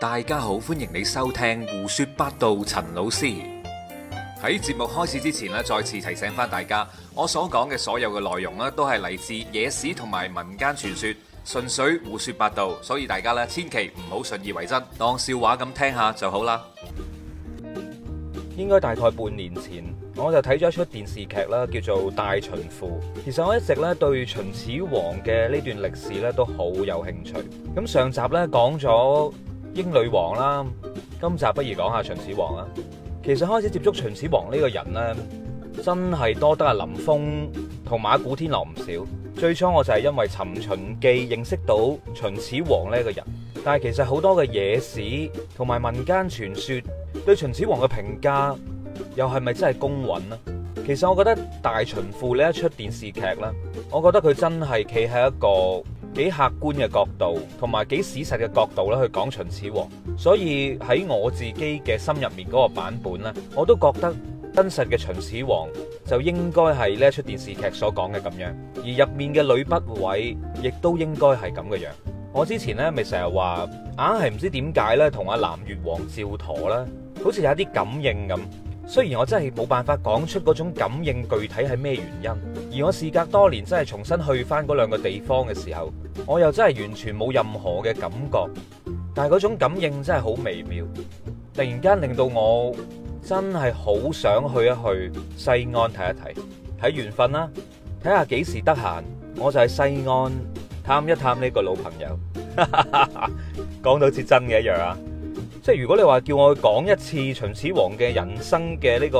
大家好，歡迎你收聽胡說八道。陳老師喺節目開始之前咧，再次提醒翻大家，我所講嘅所有嘅內容咧，都係嚟自野史同埋民間傳說，純粹胡說八道，所以大家咧千祈唔好信以為真，當笑話咁聽下就好啦。應該大概半年前，我就睇咗一齣電視劇啦，叫做《大秦賦》。其實我一直咧對秦始皇嘅呢段歷史咧都好有興趣。咁上集咧講咗。英女王啦，今集不如講下秦始皇啦。其實開始接觸秦始皇呢個人呢，真係多得阿林峰同埋古天樂唔少。最初我就係因為《尋秦記》認識到秦始皇呢個人，但係其實好多嘅野史同埋民間傳說對秦始皇嘅評價，又係咪真係公允呢？其實我覺得《大秦賦》呢一出電視劇呢，我覺得佢真係企喺一個。幾客觀嘅角度，同埋幾史實嘅角度咧，去講秦始皇。所以喺我自己嘅心入面嗰個版本咧，我都覺得真實嘅秦始皇就應該係呢一出電視劇所講嘅咁樣，而入面嘅呂不韋亦都應該係咁嘅樣。我之前咧咪成日話，硬係唔知點解呢，同阿南越王趙佗呢，好似有啲感應咁。雖然我真係冇辦法講出嗰種感應具體係咩原因，而我事隔多年真係重新去翻嗰兩個地方嘅時候，我又真係完全冇任何嘅感覺，但係嗰種感應真係好微妙，突然間令到我真係好想去一去西安睇一睇，睇緣分啦，睇下幾時得閒，我就喺西安探一探呢個老朋友，哈哈，講到似真嘅一樣啊！即係如果你話叫我去講一次秦始皇嘅人生嘅呢個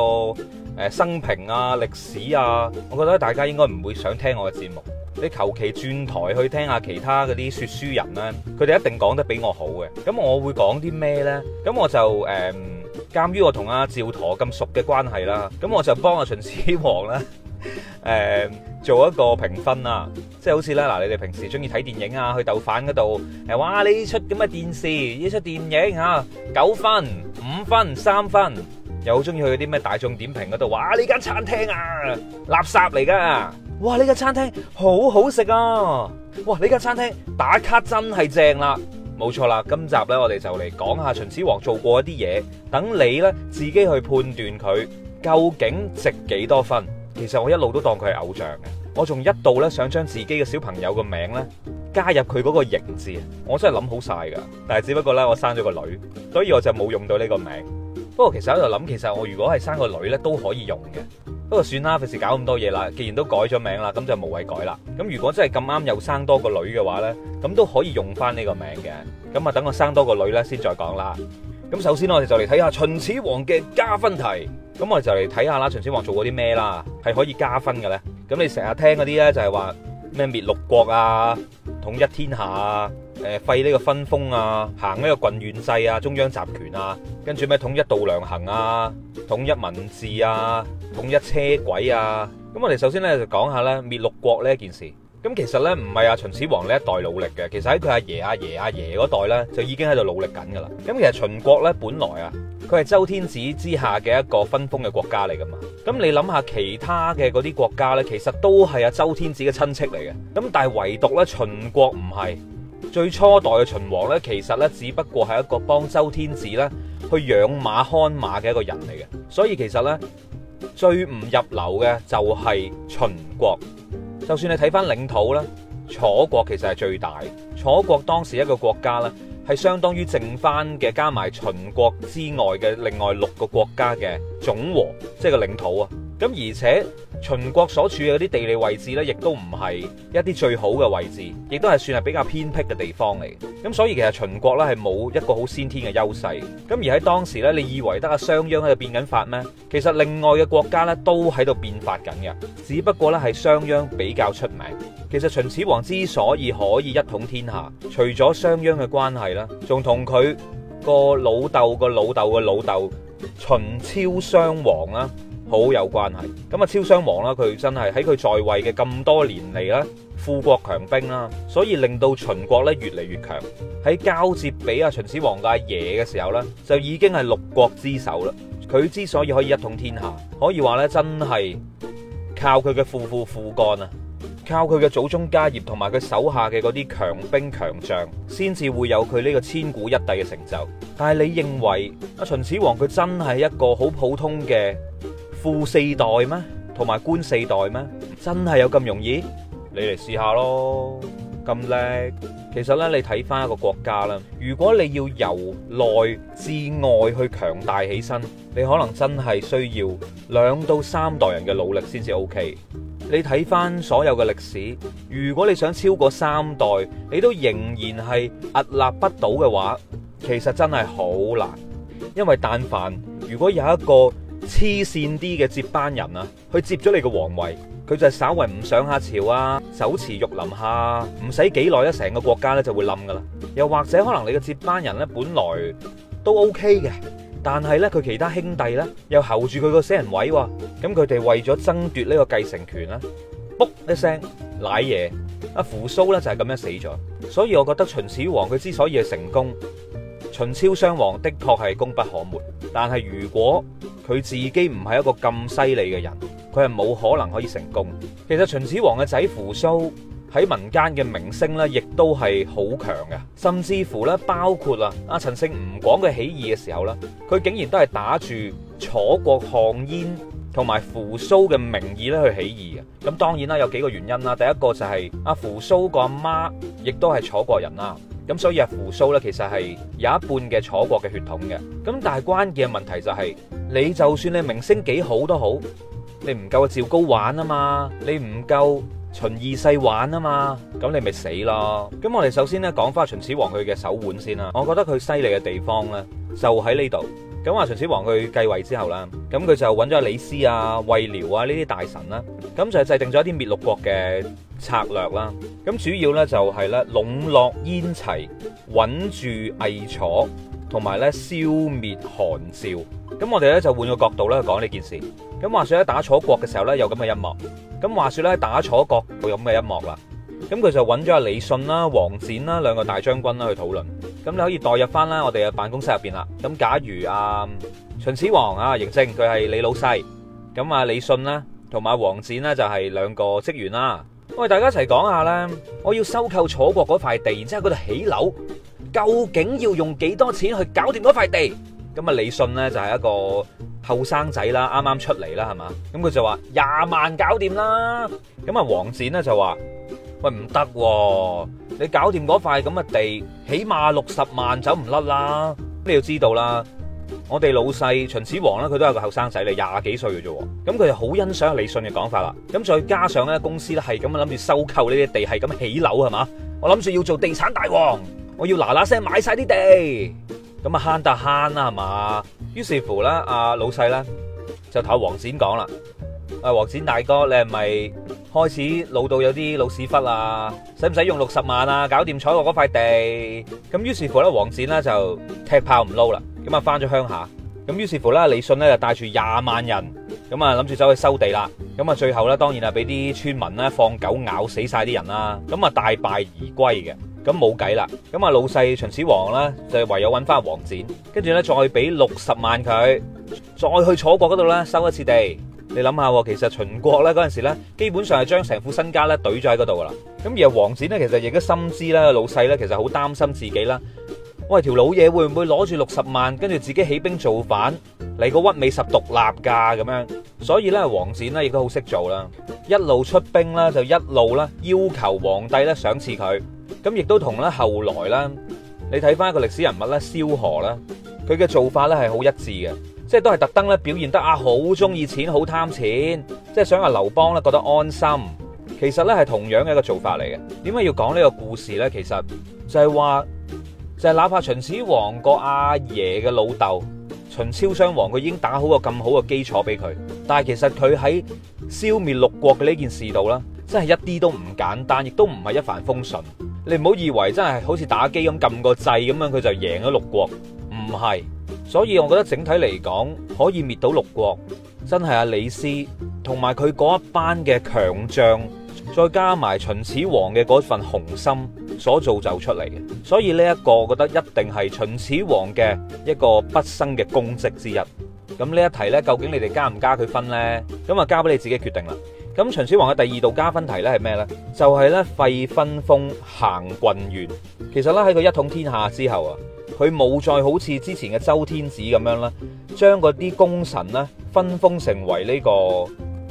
誒生平啊、歷史啊，我覺得大家應該唔會想聽我嘅節目。你求其轉台去聽下其他嗰啲說書人啦，啊，佢哋一定講得比我好嘅。咁我會講啲咩呢？咁我就誒，鑒，呃、於我同阿，啊、趙佗咁熟嘅關係啦，咁我就幫阿，啊、秦始皇啦，誒，呃、做一個評分啦。即係好似呢，嗱，你哋平時中意睇電影啊，去豆瓣嗰度，誒，哇，呢出咁嘅電視，呢出電影嚇、啊、九分、五分、三分，又好中意去啲咩大眾點評嗰度，哇，呢間餐廳啊，垃圾嚟㗎，哇，呢間餐廳好好食啊，哇，呢間餐廳打卡真係正啦，冇錯啦，今集呢，我哋就嚟講下秦始皇做過一啲嘢，等你呢，自己去判斷佢究竟值幾多分。其實我一路都當佢係偶像嘅。我仲一度咧想將自己嘅小朋友個名咧加入佢嗰個形字，我真係諗好晒。噶。但係只不過咧我生咗個女，所以我就冇用到呢個名。不過其實喺度諗，其實我如果係生個女咧都可以用嘅。不過算啦，費事搞咁多嘢啦。既然都改咗名啦，咁就無謂改啦。咁如果真係咁啱又生多個女嘅話咧，咁都可以用翻呢個名嘅。咁啊等我生多個女咧先再講啦。咁首先我哋就嚟睇下秦始皇嘅加分題。咁我哋就嚟睇下啦，秦始皇做過啲咩啦？係可以加分嘅咧。咁你成日聽嗰啲咧，就係話咩滅六國啊，統一天下啊，誒廢呢個分封啊，行呢個郡縣制啊，中央集權啊，跟住咩統一度量衡啊，統一文字啊，統一車軌啊。咁我哋首先咧就講下咧滅六國呢一件事。咁其實呢，唔係阿秦始皇呢一代努力嘅，其實喺佢阿爺阿爺阿爺嗰代呢，就已經喺度努力緊噶啦。咁其實秦國呢，本來啊，佢係周天子之下嘅一個分封嘅國家嚟噶嘛。咁你諗下其他嘅嗰啲國家呢，其實都係阿周天子嘅親戚嚟嘅。咁但係唯獨呢，秦國唔係。最初代嘅秦王呢，其實呢，只不過係一個幫周天子呢去養馬看馬嘅一個人嚟嘅。所以其實呢，最唔入流嘅就係秦國。就算你睇翻領土啦，楚國其實係最大。楚國當時一個國家咧，係相當於剩翻嘅加埋秦國之外嘅另外六個國家嘅總和，即係個領土啊。咁而且秦國所處嗰啲地理位置咧，亦都唔係一啲最好嘅位置，亦都係算係比較偏僻嘅地方嚟。咁所以其實秦國咧係冇一個好先天嘅優勢。咁而喺當時咧，你以為得阿商鞅喺度變緊法咩？其實另外嘅國家咧都喺度變法緊嘅，只不過咧係商鞅比較出名。其實秦始皇之所以可以一統天下，除咗商鞅嘅關係啦，仲同佢個老豆個老豆嘅老豆秦昭襄王啦。好有關係咁啊！昭襄王啦，佢真係喺佢在位嘅咁多年嚟咧，富國強兵啦，所以令到秦國咧越嚟越強。喺交接俾阿秦始皇嘅阿爺嘅時候咧，就已經係六國之首啦。佢之所以可以一統天下，可以話咧，真係靠佢嘅父父父幹啊，靠佢嘅祖宗家業同埋佢手下嘅嗰啲強兵強將，先至會有佢呢個千古一帝嘅成就。但係你認為阿秦始皇佢真係一個好普通嘅？富四代咩？同埋官四代咩？真係有咁容易？你嚟試下咯！咁叻，其實呢，你睇翻一個國家啦。如果你要由內至外去強大起身，你可能真係需要兩到三代人嘅努力先至 OK。你睇翻所有嘅歷史，如果你想超過三代，你都仍然係屹立不倒嘅話，其實真係好難。因為但凡如果有一個黐線啲嘅接班人啊，去接咗你嘅皇位，佢就係稍為唔上下朝啊，手持玉林下，唔使幾耐，一成個國家咧就會冧㗎喇。又或者可能你嘅接班人呢，本來都 OK 嘅，但係呢，佢其他兄弟呢，又候住佢個死人位喎，咁佢哋為咗爭奪呢個繼承權咧，卜一聲，奶嘢，阿扶蘇呢就係咁樣死咗。所以我覺得秦始皇佢之所以係成功。秦昭襄王的確係功不可沒，但係如果佢自己唔係一個咁犀利嘅人，佢係冇可能可以成功。其實秦始皇嘅仔扶蘇喺民間嘅名聲咧，亦都係好強嘅，甚至乎咧包括啊阿陳勝吳廣嘅起義嘅時候啦，佢竟然都係打住楚國項燕同埋扶蘇嘅名義咧去起義嘅。咁當然啦，有幾個原因啦，第一個就係阿扶蘇個阿媽亦都係楚國人啦。咁所以阿扶蘇咧，其實係有一半嘅楚國嘅血統嘅。咁但係關鍵嘅問題就係、是，你就算你名聲幾好都好，你唔夠趙高玩啊嘛，你唔夠秦二世玩啊嘛，咁你咪死咯。咁、嗯、我哋首先咧講返秦始皇佢嘅手腕先啦。我覺得佢犀利嘅地方咧，就喺呢度。咁話秦始皇佢繼位之後啦，咁佢就揾咗李斯啊、魏遼啊呢啲大臣啦、啊。咁就制定咗一啲滅六國嘅策略啦。咁主要呢，就係呢籠絡燕齊，穩住魏楚，同埋呢消滅韓趙。咁我哋呢，就換個角度呢講呢件事。咁話説喺打楚國嘅時候呢，有咁嘅一幕。咁話説呢打楚國會有咁嘅一幕啦。咁佢就揾咗阿李信啦、王翦啦兩個大將軍啦去討論。咁你可以代入翻啦我哋嘅辦公室入邊啦。咁假如啊秦始皇啊嬴政佢係李老細，咁阿李信呢。同埋王翦咧就係、是、兩個職員啦。喂，大家一齊講下咧，我要收購楚國嗰塊地，然之後喺嗰度起樓，究竟要用幾多錢去搞掂嗰塊地？咁、嗯、啊，李信咧就係、是、一個後生仔剛剛、嗯、啦，啱啱出嚟啦，係嘛？咁佢就話廿萬搞掂啦。咁啊，王翦咧就話：喂，唔得喎，你搞掂嗰塊咁嘅地，起碼六十萬走唔甩啦、嗯。你要知道啦。我哋老細秦始皇咧，佢都係個後生仔嚟，廿幾歲嘅啫。咁佢就好欣賞李信嘅講法啦。咁再加上咧，公司咧係咁諗住收購呢啲地，係咁起樓係嘛。我諗住要做地產大王，我要嗱嗱聲買晒啲地，咁啊慳得慳啦係嘛。於是乎咧，阿老細咧就同黃展講啦。阿黃展大哥，你係咪開始老到有啲老屎忽啊？使唔使用六十萬啊？搞掂彩我嗰塊地咁。於是乎咧，黃展咧就踢炮唔撈啦。咁啊，翻咗鄉下，咁於是乎咧，李信咧就帶住廿萬人，咁啊諗住走去收地啦，咁啊最後咧，當然係，俾啲村民咧放狗咬死晒啲人啦，咁啊大敗而歸嘅，咁冇計啦，咁啊老細秦始皇咧就唯有揾翻王翦，跟住咧再俾六十萬佢，再去楚國嗰度咧收一次地，你諗下，其實秦國咧嗰陣時咧，基本上係將成副身家咧懟咗喺嗰度噶啦，咁而王翦咧其實亦都深知啦，老細咧其實好擔心自己啦。喂，條老嘢會唔會攞住六十萬，跟住自己起兵造反，嚟個屈美十獨立噶咁樣？所以呢，王翦呢亦都好識做啦，一路出兵呢，就一路呢要求皇帝呢賞賜佢。咁亦都同呢後來呢，你睇翻一個歷史人物呢，蕭何啦，佢嘅做法呢係好一致嘅，即係都係特登呢表現得啊好中意錢，好貪錢，即係想話劉邦呢覺得安心。其實呢係同樣嘅一個做法嚟嘅。點解要講呢個故事呢？其實就係話。就係哪怕秦始皇個阿爺嘅老豆秦昭襄王，佢已經打好個咁好嘅基礎俾佢。但係其實佢喺消滅六國嘅呢件事度啦，真係一啲都唔簡單，亦都唔係一帆風順。你唔好以為真係好似打機咁撳個掣咁樣，佢就贏咗六國，唔係。所以我覺得整體嚟講，可以滅到六國，真係阿李斯同埋佢嗰一班嘅強將。再加埋秦始皇嘅嗰份雄心所造就出嚟嘅，所以呢一個我覺得一定係秦始皇嘅一個畢生嘅功績之一。咁呢一題咧，究竟你哋加唔加佢分咧？咁啊，交俾你自己決定啦。咁秦始皇嘅第二道加分題咧係咩咧？就係、是、咧廢分封行郡縣。其實咧喺佢一統天下之後啊，佢冇再好似之前嘅周天子咁樣啦，將嗰啲功臣咧分封成為呢個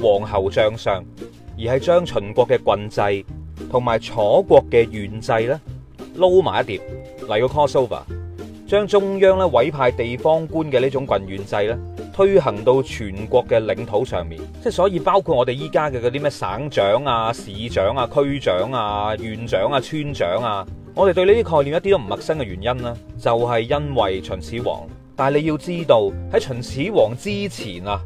王侯將相。而係將秦國嘅郡制同埋楚國嘅縣制咧撈埋一碟嚟個 crossover，將中央咧委派地方官嘅呢種郡縣制咧推行到全國嘅領土上面，即係所以包括我哋依家嘅嗰啲咩省長啊、市長啊、區長啊、縣長啊、村長啊，我哋對呢啲概念一啲都唔陌生嘅原因啦，就係因為秦始皇。但係你要知道喺秦始皇之前啊。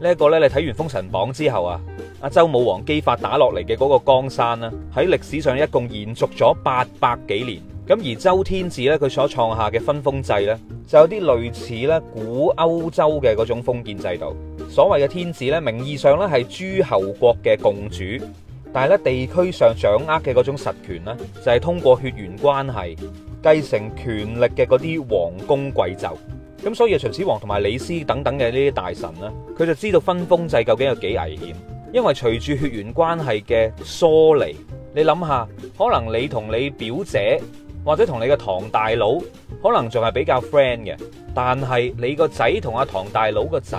呢一個咧，你睇完《封神榜》之後啊，阿周武王姬發打落嚟嘅嗰個江山啦、啊，喺歷史上一共延續咗八百幾年。咁而周天子呢，佢所創下嘅分封制呢，就有啲類似呢古歐洲嘅嗰種封建制度。所謂嘅天子呢，名義上呢係諸侯國嘅共主，但係咧地區上掌握嘅嗰種實權咧，就係、是、通過血緣關係繼承權力嘅嗰啲王公貴胄。咁所以秦始皇同埋李斯等等嘅呢啲大臣呢，佢就知道分封制究竟有幾危險，因為隨住血緣關係嘅疏離，你諗下，可能你同你表姐或者同你個唐大佬，可能仲係比較 friend 嘅，但係你個仔同阿唐大佬個仔，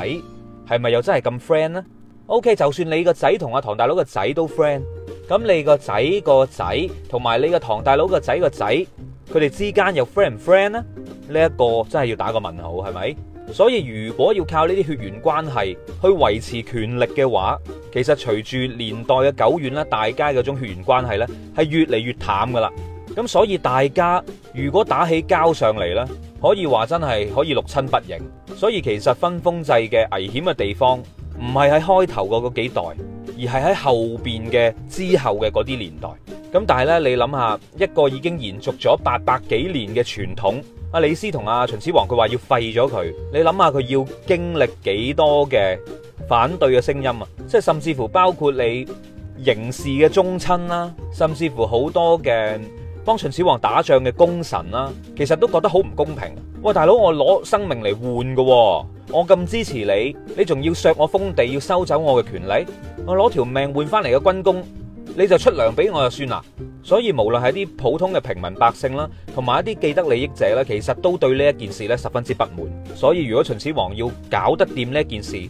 係咪又真係咁 friend 呢？OK，就算你個仔同阿唐大佬個仔都 friend，咁你個仔個仔同埋你個唐大佬個仔個仔。佢哋之間有 friend 唔 friend 呢，呢一個真係要打個問號，係咪？所以如果要靠呢啲血緣關係去維持權力嘅話，其實隨住年代嘅久遠咧，大家嗰種血緣關係呢係越嚟越淡噶啦。咁所以大家如果打起交上嚟呢，可以話真係可以六親不認。所以其實分封制嘅危險嘅地方，唔係喺開頭嗰幾代。而係喺後邊嘅之後嘅嗰啲年代，咁但係呢，你諗下一個已經延續咗八百幾年嘅傳統，阿李斯同阿秦始皇佢話要廢咗佢，你諗下佢要經歷幾多嘅反對嘅聲音啊！即係甚至乎包括你嬴氏嘅宗親啦，甚至乎好多嘅，幫秦始皇打仗嘅功臣啦，其實都覺得好唔公平。喂，大佬，我攞生命嚟換嘅，我咁支持你，你仲要削我封地，要收走我嘅權利，我攞條命換翻嚟嘅軍功，你就出糧俾我就算啦。所以無論係啲普通嘅平民百姓啦，同埋一啲既得利益者啦，其實都對呢一件事咧十分之不滿。所以如果秦始皇要搞得掂呢一件事，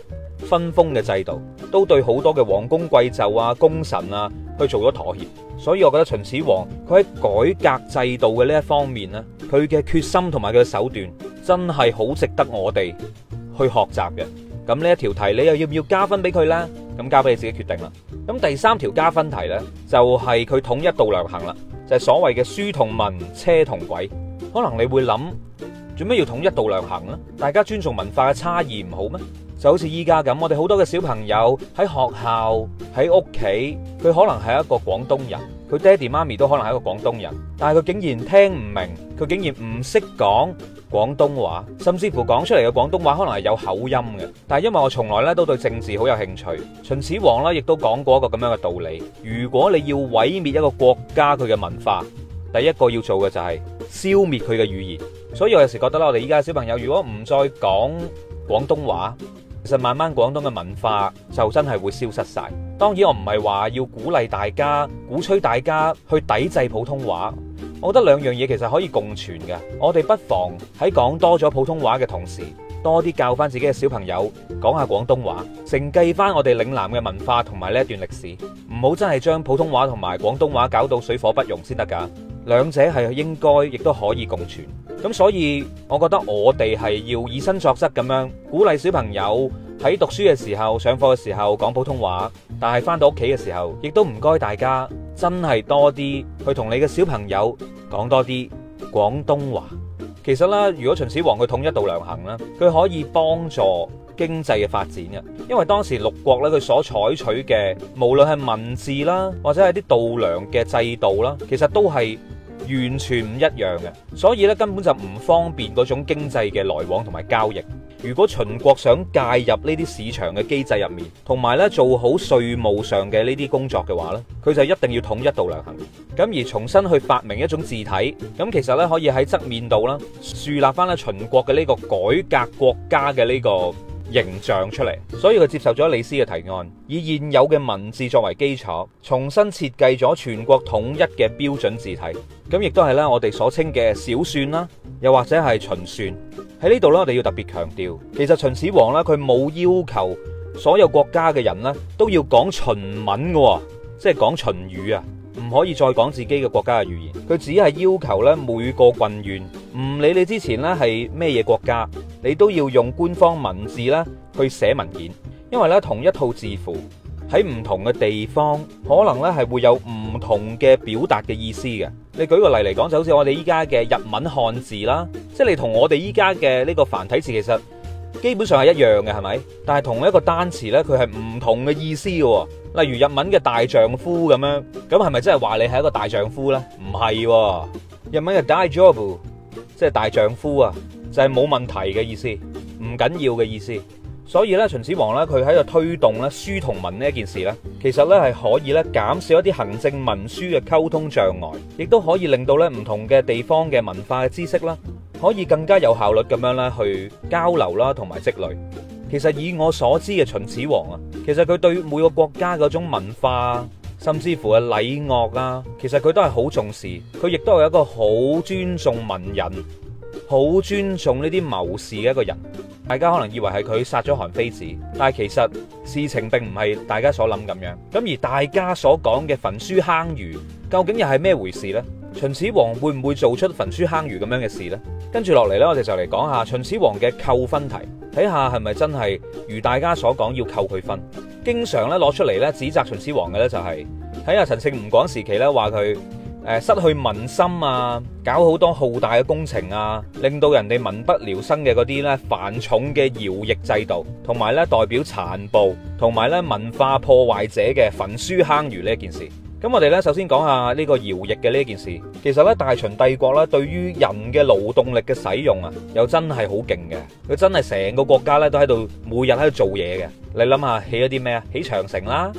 分封嘅制度都對好多嘅王公貴族啊、功臣啊去做咗妥協，所以我覺得秦始皇佢喺改革制度嘅呢一方面咧，佢嘅決心同埋佢嘅手段真係好值得我哋去學習嘅。咁呢一條題你又要唔要加分俾佢咧？咁交俾你自己決定啦。咁第三條加分題咧就係佢統一度量衡啦，就係所謂嘅書同文、車同軌。可能你會諗，做咩要統一度量衡咧？大家尊重文化嘅差異唔好咩？就好似依家咁，我哋好多嘅小朋友喺學校、喺屋企，佢可能係一個廣東人，佢爹哋媽咪都可能係一個廣東人，但係佢竟然聽唔明，佢竟然唔識講廣東話，甚至乎講出嚟嘅廣東話可能係有口音嘅。但係因為我從來咧都對政治好有興趣，秦始皇咧亦都講過一個咁樣嘅道理：如果你要毀滅一個國家佢嘅文化，第一個要做嘅就係消滅佢嘅語言。所以我有時覺得啦，我哋依家嘅小朋友，如果唔再講廣東話，其實慢慢廣東嘅文化就真係會消失晒。當然我唔係話要鼓勵大家、鼓吹大家去抵制普通話。我覺得兩樣嘢其實可以共存㗎。我哋不妨喺講多咗普通話嘅同時，多啲教翻自己嘅小朋友講下廣東話，承繼翻我哋嶺南嘅文化同埋呢一段歷史。唔好真係將普通話同埋廣東話搞到水火不容先得㗎。兩者係應該，亦都可以共存。咁所以，我覺得我哋係要以身作則咁樣，鼓勵小朋友喺讀書嘅時候，上課嘅時候講普通話，但係翻到屋企嘅時候，亦都唔該大家真係多啲去同你嘅小朋友講多啲廣東話。其實啦，如果秦始皇佢統一度量衡啦，佢可以幫助經濟嘅發展嘅，因為當時六國咧，佢所採取嘅無論係文字啦，或者係啲度量嘅制度啦，其實都係完全唔一樣嘅，所以咧根本就唔方便嗰種經濟嘅來往同埋交易。如果秦國想介入呢啲市場嘅機制入面，同埋咧做好稅務上嘅呢啲工作嘅話咧，佢就一定要統一度量衡，咁而重新去發明一種字體。咁其實咧可以喺側面度啦，樹立翻咧秦國嘅呢個改革國家嘅呢個形象出嚟，所以佢接受咗李斯嘅提案，以現有嘅文字作為基礎，重新設計咗全國統一嘅標準字體。咁亦都係咧，我哋所稱嘅小篆啦，又或者係秦篆。喺呢度呢，我哋要特別強調，其實秦始皇呢，佢冇要求所有國家嘅人呢都要講秦文嘅，即係講秦語啊。唔可以再講自己嘅國家嘅語言，佢只係要求咧每個郡縣，唔理你之前咧係咩嘢國家，你都要用官方文字咧去寫文件，因為咧同一套字符喺唔同嘅地方，可能咧係會有唔同嘅表達嘅意思嘅。你舉個例嚟講，就好似我哋依家嘅日文漢字啦，即係你同我哋依家嘅呢個繁體字其實。基本上係一樣嘅，係咪？但係同一個單詞呢，佢係唔同嘅意思嘅，哦。例如日文嘅大丈夫咁樣，咁係咪真係話你係一個大丈夫呢？唔係，啊，日文嘅大丈夫即係大丈夫啊，就係、是、冇問題嘅意思，唔緊要嘅意思。所以呢，秦始皇呢，佢喺度推動呢書同文呢件事呢，其實呢係可以呢減少一啲行政文書嘅溝通障礙，亦都可以令到呢唔同嘅地方嘅文化嘅知識啦。可以更加有效率咁樣咧去交流啦，同埋積累。其實以我所知嘅秦始皇啊，其實佢對每個國家嗰種文化，甚至乎係禮樂啊，其實佢都係好重視。佢亦都係一個好尊重文人、好尊重呢啲謀士嘅一個人。大家可能以為係佢殺咗韓非子，但係其實事情並唔係大家所諗咁樣。咁而大家所講嘅焚書坑儒，究竟又係咩回事咧？秦始皇會唔會做出焚書坑儒咁樣嘅事呢？跟住落嚟呢，我哋就嚟講下秦始皇嘅扣分題，睇下係咪真係如大家所講要扣佢分。經常咧攞出嚟咧指責秦始皇嘅咧就係睇下陳勝吳廣時期咧話佢誒失去民心啊，搞好多浩大嘅工程啊，令到人哋民不聊生嘅嗰啲咧繁重嘅徭役制度，同埋咧代表殘暴同埋咧文化破壞者嘅焚書坑儒呢件事。咁我哋呢，首先講下呢個徭役嘅呢件事。其實呢，大秦帝國呢對於人嘅勞動力嘅使用啊，又真係好勁嘅。佢真係成個國家呢都喺度每日喺度做嘢嘅。你諗下，起咗啲咩啊？起長城啦，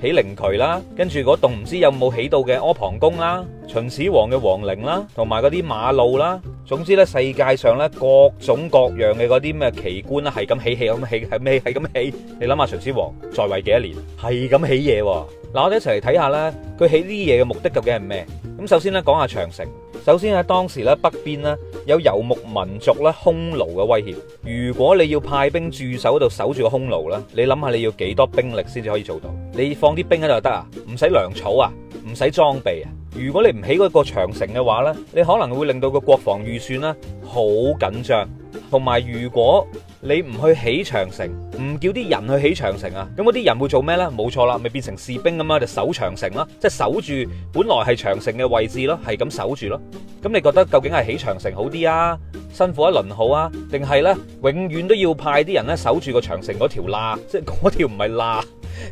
起靈渠啦，跟住嗰棟唔知有冇起到嘅阿房宮啦。秦始皇嘅皇陵啦，同埋嗰啲馬路啦，總之咧，世界上咧各種各樣嘅嗰啲咩奇觀啦，係咁起起咁起，係咩係咁起？你諗下秦始皇在位幾多年，係咁起嘢嗱？我哋一齊嚟睇下咧，佢起呢啲嘢嘅目的究竟係咩？咁首先咧，講下長城。首先喺當時咧，北邊咧有游牧民族咧匈奴嘅威脅。如果你要派兵駐守喺度守住個匈奴咧，你諗下你要幾多兵力先至可以做到？你放啲兵喺度就得啊？唔使糧草啊？唔使裝備啊？如果你唔起嗰個長城嘅話呢，你可能會令到個國防預算呢好緊張，同埋如果你唔去起長城，唔叫啲人去起長城啊，咁嗰啲人會做咩呢？冇錯啦，咪變成士兵咁啊，就守長城啦，即係守住本來係長城嘅位置咯，係咁守住咯。咁你覺得究竟係起長城好啲啊，辛苦一輪好啊，定係呢永遠都要派啲人呢守住個長城嗰條罅，即係嗰條唔係罅？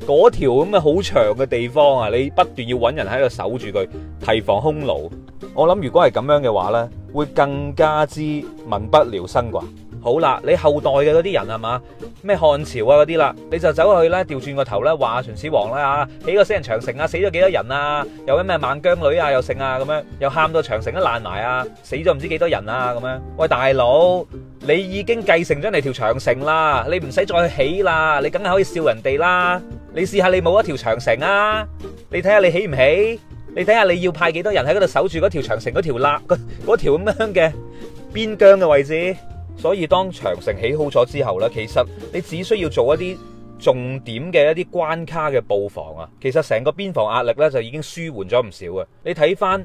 嗰條咁嘅好長嘅地方啊，你不斷要揾人喺度守住佢，提防匈奴。我諗如果係咁樣嘅話咧，會更加之民不聊生啩。好啦，你後代嘅嗰啲人係嘛咩漢朝啊嗰啲啦，你就走去咧掉轉個頭咧話秦始皇啦，起、啊、個死人長城啊，死咗幾多人啊？又啲咩孟姜女啊又剩啊咁樣，又喊到長城都爛埋啊，死咗唔知幾多人啊咁樣。喂，大佬，你已經繼承咗你條長城啦，你唔使再起啦，你梗係可以笑人哋啦。你試下你冇一條長城啊，你睇下你起唔起？你睇下你要派幾多人喺嗰度守住嗰條長城嗰條罅嗰條咁樣嘅邊疆嘅位置。所以當長城起好咗之後呢，其實你只需要做一啲重點嘅一啲關卡嘅布防啊，其實成個邊防壓力呢，就已經舒緩咗唔少嘅。你睇翻，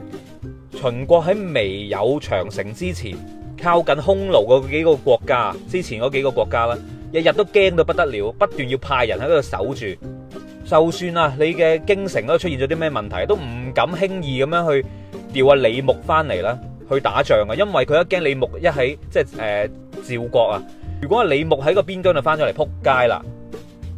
秦國喺未有長城之前，靠近匈奴嗰幾個國家之前嗰幾個國家啦，日日都驚到不得了，不斷要派人喺度守住。就算啊，你嘅京城都出現咗啲咩問題，都唔敢輕易咁樣去調啊李牧翻嚟啦，去打仗啊！因為佢一驚李牧一喺即係誒趙國啊，如果李牧喺個邊疆度就翻咗嚟扑街啦。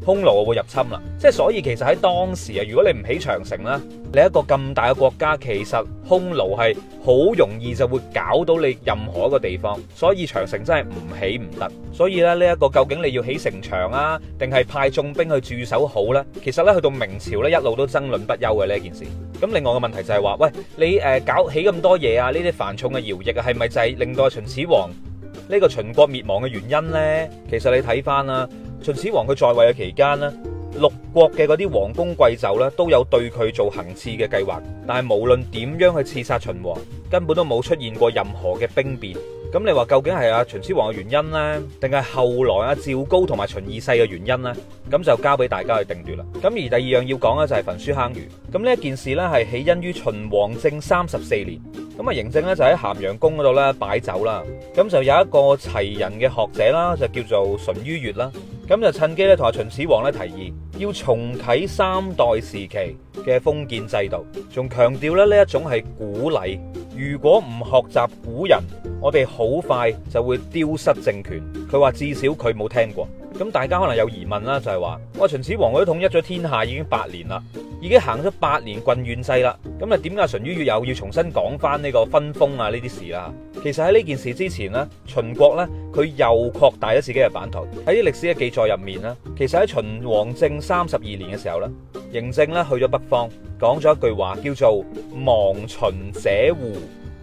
匈奴會入侵啦，即係所以其實喺當時啊，如果你唔起長城咧，你一個咁大嘅國家，其實匈奴係好容易就會搞到你任何一個地方，所以長城真係唔起唔得。所以咧呢一個究竟你要起城牆啊，定係派重兵去駐守好呢？其實呢，去到明朝呢，一路都爭論不休嘅呢件事。咁另外個問題就係話，喂，你誒、呃、搞起咁多嘢啊，呢啲繁重嘅徭役啊，係咪就係令到秦始皇呢個秦國滅亡嘅原因呢？」其實你睇翻啦。秦始皇佢在位嘅期間呢，六國嘅嗰啲王公貴胄呢都有對佢做行刺嘅計劃。但係無論點樣去刺殺秦王，根本都冇出現過任何嘅兵變。咁你話究竟係阿秦始皇嘅原因呢？定係後來阿趙高同埋秦二世嘅原因呢？咁就交俾大家去定奪啦。咁而第二樣要講嘅就係焚書坑儒。咁呢件事呢係起因於秦王政三十四年。咁啊，嬴政呢就喺咸陽宮嗰度咧擺酒啦。咁就有一個齊人嘅學者啦，就叫做淳於越啦。咁就趁機咧，同阿秦始皇咧提議要重啟三代時期嘅封建制度，仲強調咧呢一種係古禮。如果唔學習古人，我哋好快就會丟失政權。佢話至少佢冇聽過。咁大家可能有疑問啦，就係話我秦始皇我都統一咗天下已經八年啦，已經行咗八年郡縣制啦。咁啊，點解淳于越又要重新講翻呢個分封啊呢啲事啦？其實喺呢件事之前呢，秦國呢，佢又擴大咗自己嘅版圖，喺啲歷史嘅記載入面呢，其實喺秦王政三十二年嘅時候呢，嬴政，呢去咗北方講咗一句話，叫做亡秦者胡。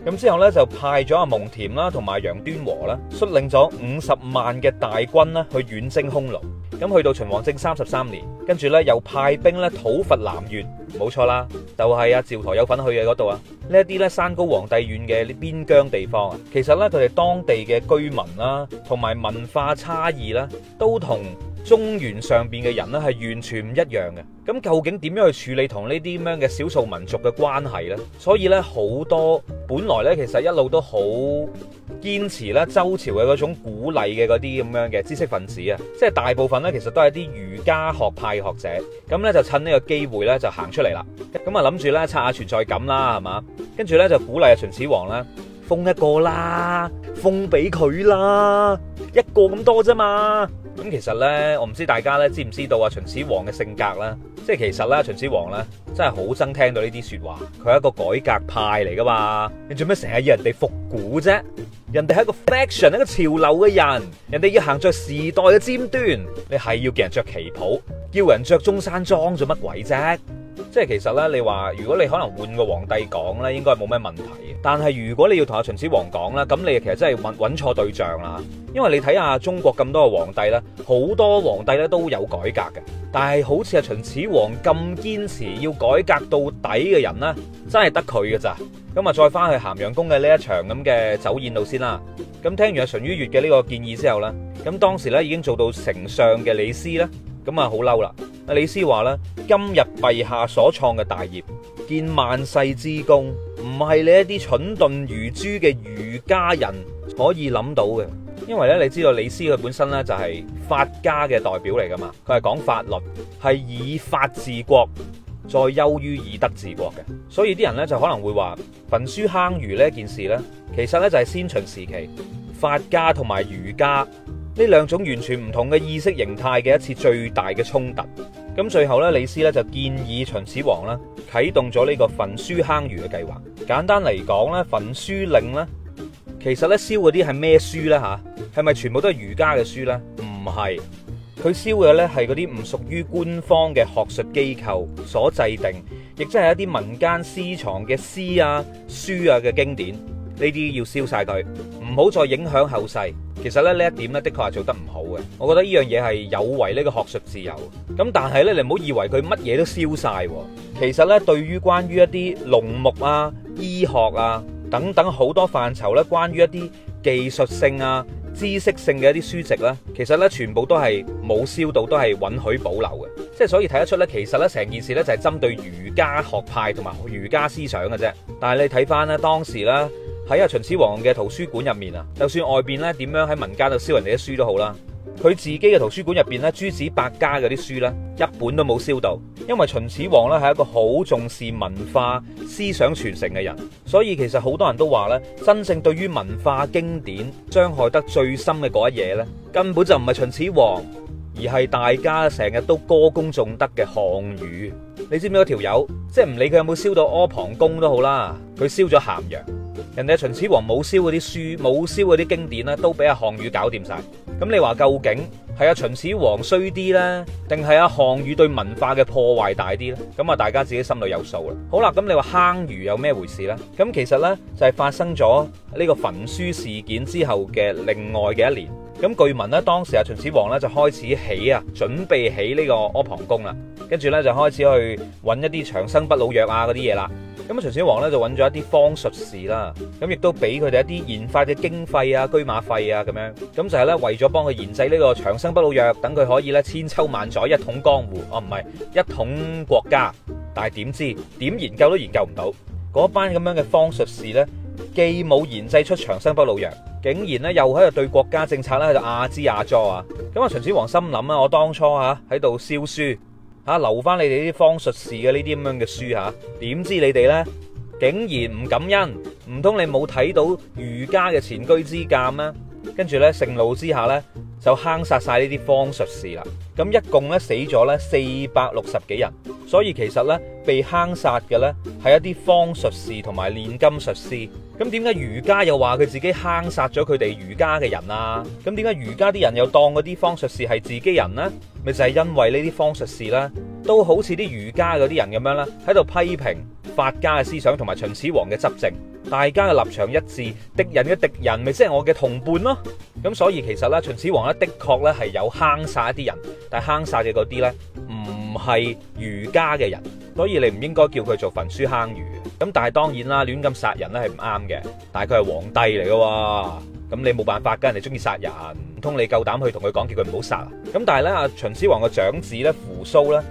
咁之後呢，就派咗阿蒙恬啦，同埋楊端和啦，率領咗五十萬嘅大軍啦，去遠征匈奴。咁去到秦王政三十三年，跟住呢，又派兵呢討伐南越。冇錯啦，就係阿趙佗有份去嘅嗰度啊。呢一啲呢，山高皇帝遠嘅呢邊疆地方啊，其實呢，佢哋當地嘅居民啦，同埋文化差異啦，都同，中原上邊嘅人呢，係完全唔一樣嘅，咁究竟點樣去處理同呢啲咁樣嘅少數民族嘅關係呢？所以呢，好多本來呢，其實一路都好堅持咧周朝嘅嗰種鼓勵嘅嗰啲咁樣嘅知識分子啊，即係大部分呢，其實都係啲儒家學派學者，咁呢，就趁呢個機會呢，就行出嚟啦，咁啊諗住呢，刷下存在感啦，係嘛？跟住呢，就鼓勵秦始皇啦。封一個啦，封俾佢啦，一個咁多啫嘛。咁其實呢，我唔知大家呢知唔知道啊，秦始皇嘅性格啦，即係其實呢，秦始皇呢，真係好憎聽到呢啲說話。佢係一個改革派嚟噶嘛，你做咩成日要人哋復古啫？人哋係一個 fashion 一個潮流嘅人，人哋要行着時代嘅尖端，你係要叫人着旗袍，叫人着中山裝做乜鬼啫？即係其實呢，你話如果你可能換個皇帝講呢，應該冇咩問題。但係如果你要同阿秦始皇講呢，咁你其實真係揾揾錯對象啦。因為你睇下中國咁多個皇帝呢，好多皇帝呢都有改革嘅，但係好似阿秦始皇咁堅持要改革到底嘅人呢，真係得佢㗎咋。咁啊，再翻去咸陽宮嘅呢一場咁嘅酒宴度先啦。咁聽完阿淳于越嘅呢個建議之後呢，咁當時呢已經做到丞相嘅李斯呢，咁啊，好嬲啦！李斯話呢今日陛下所創嘅大業，見萬世之功，唔係你一啲蠢鈍如豬嘅儒家人可以諗到嘅。因為呢，你知道李斯佢本身呢，就係法家嘅代表嚟噶嘛，佢係講法律，係以法治國，再優於以德治國嘅。所以啲人呢，就可能會話焚書坑儒呢件事呢，其實呢，就係先秦時期法家同埋儒家。呢兩種完全唔同嘅意識形態嘅一次最大嘅衝突，咁最後呢，李斯呢就建議秦始皇呢，啟動咗呢個焚書坑儒嘅計劃。簡單嚟講呢，焚書令呢，其實呢燒嗰啲係咩書呢？吓？係咪全部都係儒家嘅書呢？唔係，佢燒嘅呢係嗰啲唔屬於官方嘅學術機構所制定，亦即係一啲民間私藏嘅詩啊書啊嘅經典。呢啲要燒晒佢，唔好再影響後世。其實呢呢一點呢，的確係做得唔好嘅。我覺得呢樣嘢係有違呢個學術自由。咁但係呢，你唔好以為佢乜嘢都燒晒。其實呢，對於關於一啲農牧啊、醫學啊等等好多範疇呢，關於一啲技術性啊、知識性嘅一啲書籍呢，其實呢，全部都係冇燒到，都係允許保留嘅。即係所以睇得出呢，其實呢成件事呢，就係針對儒家學派同埋儒家思想嘅啫。但係你睇翻呢，當時呢。喺啊！秦始皇嘅圖書館入面啊，就算外邊呢點樣喺民間度燒人哋啲書都好啦，佢自己嘅圖書館入邊呢，諸子百家嗰啲書呢，一本都冇燒到，因為秦始皇呢係一個好重視文化思想傳承嘅人，所以其實好多人都話呢，真正對於文化經典傷害得最深嘅嗰一嘢呢，根本就唔係秦始皇，而係大家成日都歌功頌德嘅項羽。你知唔知有條友即係唔理佢有冇燒到阿房宮都好啦，佢燒咗咸陽。人哋秦始皇冇燒嗰啲書，冇燒嗰啲經典咧，都俾阿項羽搞掂晒。咁你話究竟係阿、啊、秦始皇衰啲呢？定係阿項羽對文化嘅破壞大啲呢？咁啊，大家自己心裏有數啦。好啦，咁你話坑儒有咩回事呢？咁其實呢，就係、是、發生咗呢個焚書事件之後嘅另外嘅一年。咁據聞呢，當時啊秦始皇呢，就開始起啊，準備起呢個阿房宮啦，跟住呢，就開始去揾一啲長生不老藥啊嗰啲嘢啦。咁啊，秦始皇咧就揾咗一啲方術士啦，咁亦都俾佢哋一啲研發嘅經費啊、車馬費啊咁樣，咁就係咧為咗幫佢研製呢個長生不老藥，等佢可以咧千秋萬載一統江湖，哦唔係一統國家，但係點知點研究都研究唔到，嗰班咁樣嘅方術士呢，既冇研製出長生不老藥，竟然呢又喺度對國家政策咧喺度阿支阿左啊！咁啊，秦始皇心諗啊，我當初吓喺度燒書。吓留翻你哋呢啲方術士嘅呢啲咁樣嘅書吓，點知你哋呢？竟然唔感恩，唔通你冇睇到儒家嘅前居之鑒咩？跟住呢，盛怒之下呢，就坑殺晒呢啲方術士啦，咁一共呢，死咗呢四百六十幾人，所以其實呢，被坑殺嘅呢，係一啲方術士同埋煉金術士，咁點解儒家又話佢自己坑殺咗佢哋儒家嘅人啊？咁點解儒家啲人又當嗰啲方術士係自己人呢？咪就係因為呢啲方術士咧，都好似啲儒家嗰啲人咁樣咧，喺度批評法家嘅思想同埋秦始皇嘅執政，大家嘅立場一致，敵人嘅敵人咪即係我嘅同伴咯。咁所以其實咧，秦始皇咧的確咧係有坑殺一啲人，但係坑殺嘅嗰啲咧唔係儒家嘅人，所以你唔應該叫佢做焚書坑儒。咁但係當然啦，亂咁殺人咧係唔啱嘅，但係佢係皇帝嚟嘅喎。咁你冇辦法噶，人哋中意殺人，唔通你夠膽去同佢講叫佢唔好殺？咁但係呢，阿秦始皇個長子呢，扶蘇呢，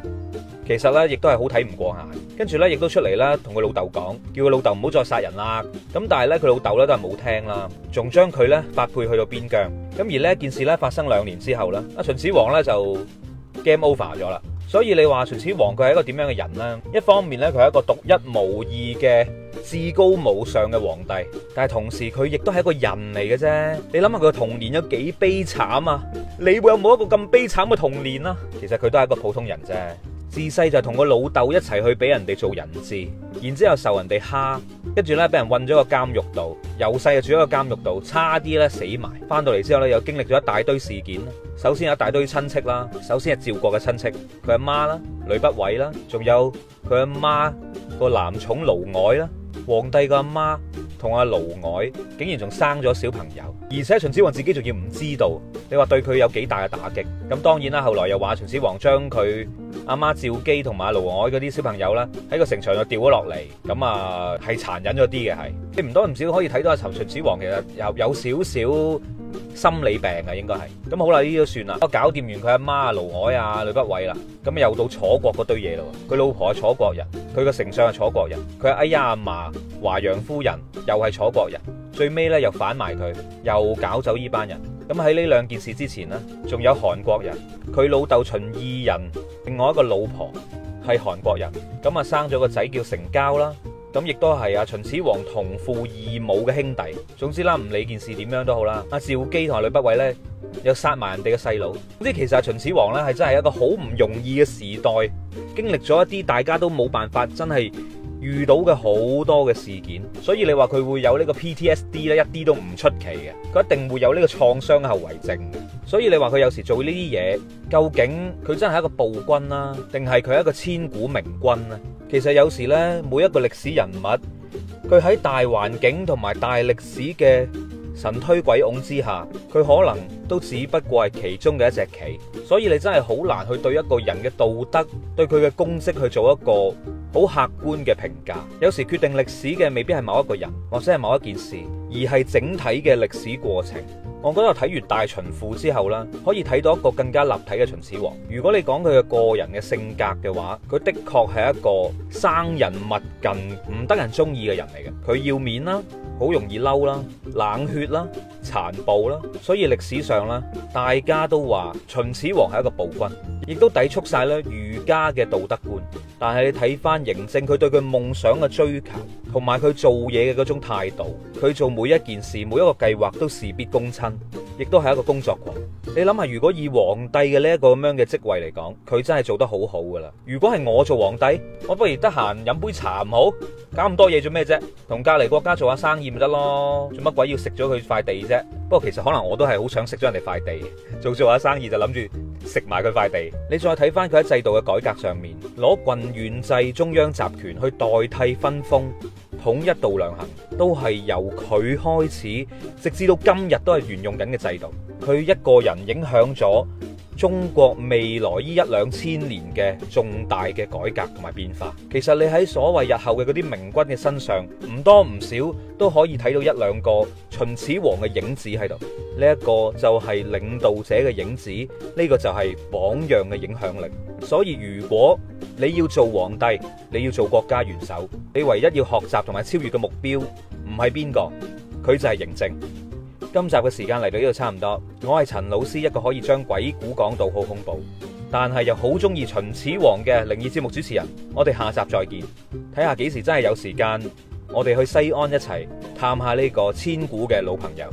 其實呢，亦都係好睇唔過眼，跟住呢，亦都出嚟啦，同佢老豆講，叫佢老豆唔好再殺人啦。咁但係呢，佢老豆呢，都係冇聽啦，仲將佢呢，發配去到邊疆。咁而呢件事呢，發生兩年之後呢，阿秦始皇呢，就 game over 咗啦。所以你話秦始皇佢係一個點樣嘅人呢？一方面呢，佢係一個獨一無二嘅。至高無上嘅皇帝，但係同時佢亦都係一個人嚟嘅啫。你諗下佢嘅童年有幾悲慘啊？你會有冇一個咁悲慘嘅童年啊？其實佢都係一個普通人啫。自細就同個老豆一齊去俾人哋做人質，然之後受人哋蝦，跟住呢，俾人韞咗個監獄度，由細就住咗個監獄度，差啲呢死埋。翻到嚟之後呢，又經歷咗一大堆事件。首先有一大堆親戚啦，首先係趙國嘅親戚，佢阿媽啦，呂不韋啦，仲有佢阿媽個男寵嫪毐啦。皇帝嘅阿媽同阿嫪毐竟然仲生咗小朋友，而且秦始皇自己仲要唔知道，你話對佢有幾大嘅打擊？咁當然啦，後來又話秦始皇將佢。阿媽趙姬同埋啊嫪毐嗰啲小朋友啦，喺個城牆度掉咗落嚟，咁啊係殘忍咗啲嘅係，你唔多唔少可以睇到阿秦始皇其實有有少少心理病啊。應該係，咁好啦，呢啲都算啦，我搞掂完佢阿媽啊嫪毐啊呂不韋啦，咁、呃呃呃呃、又到楚國嗰堆嘢啦，佢老婆係楚國人，佢個丞相係楚國人，佢哎呀阿嫲華陽夫人又係楚國人，最尾咧又反埋佢，又搞走呢班人。咁喺呢兩件事之前呢，仲有韓國人，佢老豆秦異人，另外一個老婆係韓國人，咁啊生咗個仔叫成蟜啦，咁亦都係啊，秦始皇同父異母嘅兄弟。總之啦，唔理件事點樣都好啦，阿趙姬同埋呂不韋呢，又殺埋人哋嘅細佬。總之其實秦始皇呢係真係一個好唔容易嘅時代，經歷咗一啲大家都冇辦法真係。遇到嘅好多嘅事件，所以你話佢會有呢個 PTSD 咧，一啲都唔出奇嘅，佢一定會有呢個創傷後遺症。所以你話佢有時做呢啲嘢，究竟佢真係一個暴君啦、啊，定係佢一個千古明君啊？其實有時咧，每一個歷史人物，佢喺大環境同埋大歷史嘅神推鬼拱之下，佢可能都只不過係其中嘅一隻棋。所以你真係好難去對一個人嘅道德，對佢嘅功績去做一個。好客觀嘅評價，有時決定歷史嘅未必係某一個人或者係某一件事，而係整體嘅歷史過程。我覺得睇完《大秦賦》之後啦，可以睇到一個更加立體嘅秦始皇。如果你講佢嘅個人嘅性格嘅話，佢的確係一個生人勿近、唔得人鍾意嘅人嚟嘅。佢要面啦，好容易嬲啦，冷血啦。殘暴啦，所以歷史上啦，大家都話秦始皇係一個暴君，亦都抵觸晒咧儒家嘅道德觀。但係你睇翻嬴政，佢對佢夢想嘅追求，同埋佢做嘢嘅嗰種態度，佢做每一件事、每一個計劃都事必躬親，亦都係一個工作狂。你諗下，如果以皇帝嘅呢一個咁樣嘅職位嚟講，佢真係做得好好噶啦。如果係我做皇帝，我不如得閒飲杯茶，唔好搞咁多嘢做咩啫？同隔籬國家做下生意咪得咯？做乜鬼要食咗佢塊地？不過其實可能我都係好想食咗人哋塊地，做住下生意就諗住食埋佢塊地。你再睇翻佢喺制度嘅改革上面，攞郡縣制、中央集權去代替分封，統一度量衡，都係由佢開始，直至到今日都係沿用緊嘅制度。佢一個人影響咗中國未來呢一兩千年嘅重大嘅改革同埋變化，其實你喺所謂日後嘅嗰啲明君嘅身上，唔多唔少都可以睇到一兩個秦始皇嘅影子喺度。呢一個就係領導者嘅影子，呢個就係榜樣嘅影響力。所以如果你要做皇帝，你要做國家元首，你唯一要學習同埋超越嘅目標，唔係邊個？佢就係嬴政。今集嘅時間嚟到呢度差唔多，我係陳老師，一個可以將鬼故講到好恐怖，但係又好中意秦始皇嘅靈異節目主持人。我哋下集再見，睇下幾時真係有時間，我哋去西安一齊探一下呢個千古嘅老朋友。